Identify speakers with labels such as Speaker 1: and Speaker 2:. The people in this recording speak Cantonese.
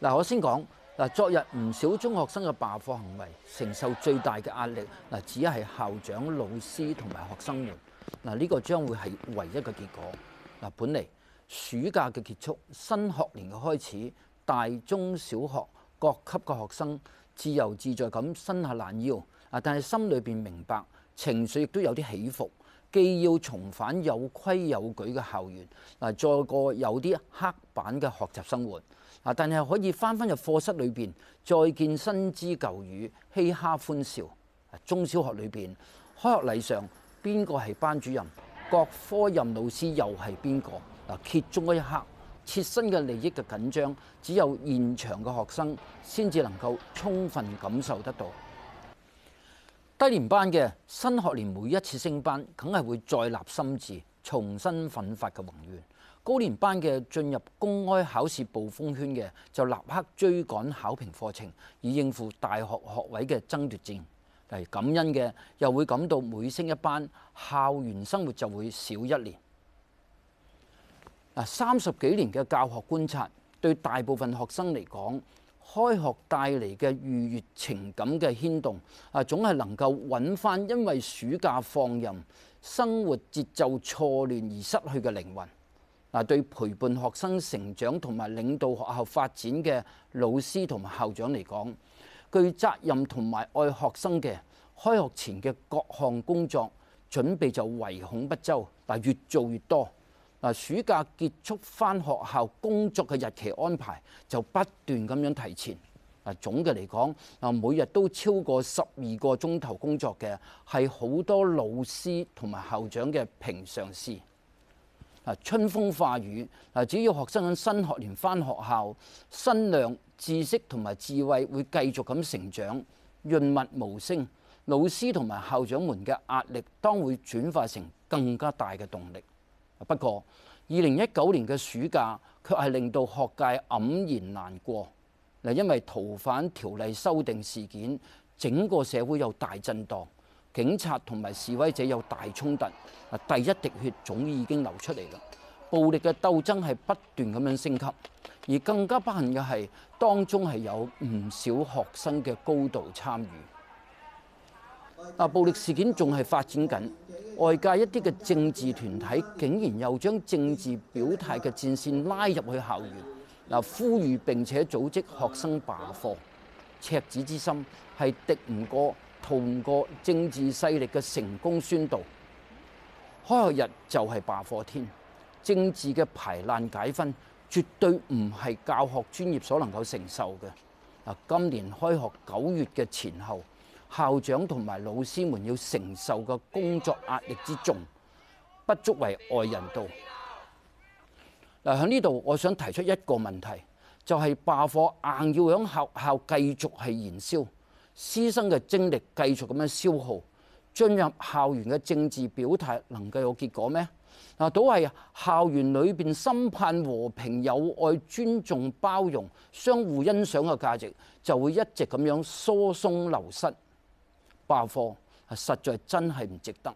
Speaker 1: 嗱，我先講。嗱，昨日唔少中學生嘅罷課行為承受最大嘅壓力嗱，只係校長、老師同埋學生們。嗱，呢個將會係唯一嘅結果。嗱，本嚟暑假嘅結束，新學年嘅開始，大中小學各級嘅學生自由自在咁伸下懶腰啊，但係心裏邊明白，情緒亦都有啲起伏，既要重返有規有矩嘅校園，嗱，再過有啲黑板嘅學習生活。但係可以翻返入課室裏邊，再見新知舊語，嘻哈歡笑。中小學裏邊開學禮上，邊個係班主任？各科任老師又係邊個？嗱，揭盅一刻，切身嘅利益嘅緊張，只有現場嘅學生先至能夠充分感受得到。低年班嘅新學年每一次升班，梗係會再立心志，重新奮發嘅宏願。高年班嘅進入公開考試暴風圈嘅，就立刻追趕考評課程，以應付大學學位嘅爭奪戰。嚟感恩嘅又會感到每升一班，校園生活就會少一年。三十幾年嘅教學觀察，對大部分學生嚟講，開學帶嚟嘅愉悅情感嘅牽動啊，總係能夠揾翻因為暑假放任生活節奏錯亂而失去嘅靈魂。嗱，對陪伴學生成長同埋領導學校發展嘅老師同埋校長嚟講，具責任同埋愛學生嘅，開學前嘅各項工作準備就唯恐不周，越做越多，暑假結束返學校工作嘅日期安排就不斷咁樣提前，嗱，總嘅嚟講，每日都超過十二個鐘頭工作嘅係好多老師同埋校長嘅平常事。春風化雨。嗱，只要學生喺新學年返學校，新量知識同埋智慧會繼續咁成長，潤物無聲。老師同埋校長們嘅壓力，當會轉化成更加大嘅動力。不過，二零一九年嘅暑假卻係令到學界黯然難過嗱，因為逃犯條例修訂事件，整個社會又大震盪。警察同埋示威者有大衝突，啊！第一滴血總已經流出嚟啦。暴力嘅鬥爭係不斷咁樣升級，而更加不幸嘅係當中係有唔少學生嘅高度參與。啊！暴力事件仲係發展緊，外界一啲嘅政治團體竟然又將政治表態嘅戰線拉入去校園，嗱，呼籲並且組織學生罷課，赤子之心係敵唔過。通過政治勢力嘅成功宣導，開學日就係罷課天，政治嘅排難解紛，絕對唔係教學專業所能夠承受嘅。嗱，今年開學九月嘅前後，校長同埋老師們要承受嘅工作壓力之重，不足為外人道。嗱，喺呢度我想提出一個問題，就係罷課硬要響學校繼續係燃燒。師生嘅精力繼續咁樣消耗，進入校園嘅政治表態能夠有結果咩？嗱，都係校園裏邊心盼和平、友愛、尊重、包容、相互欣賞嘅價值就會一直咁樣疏鬆流失罷課，實在真係唔值得。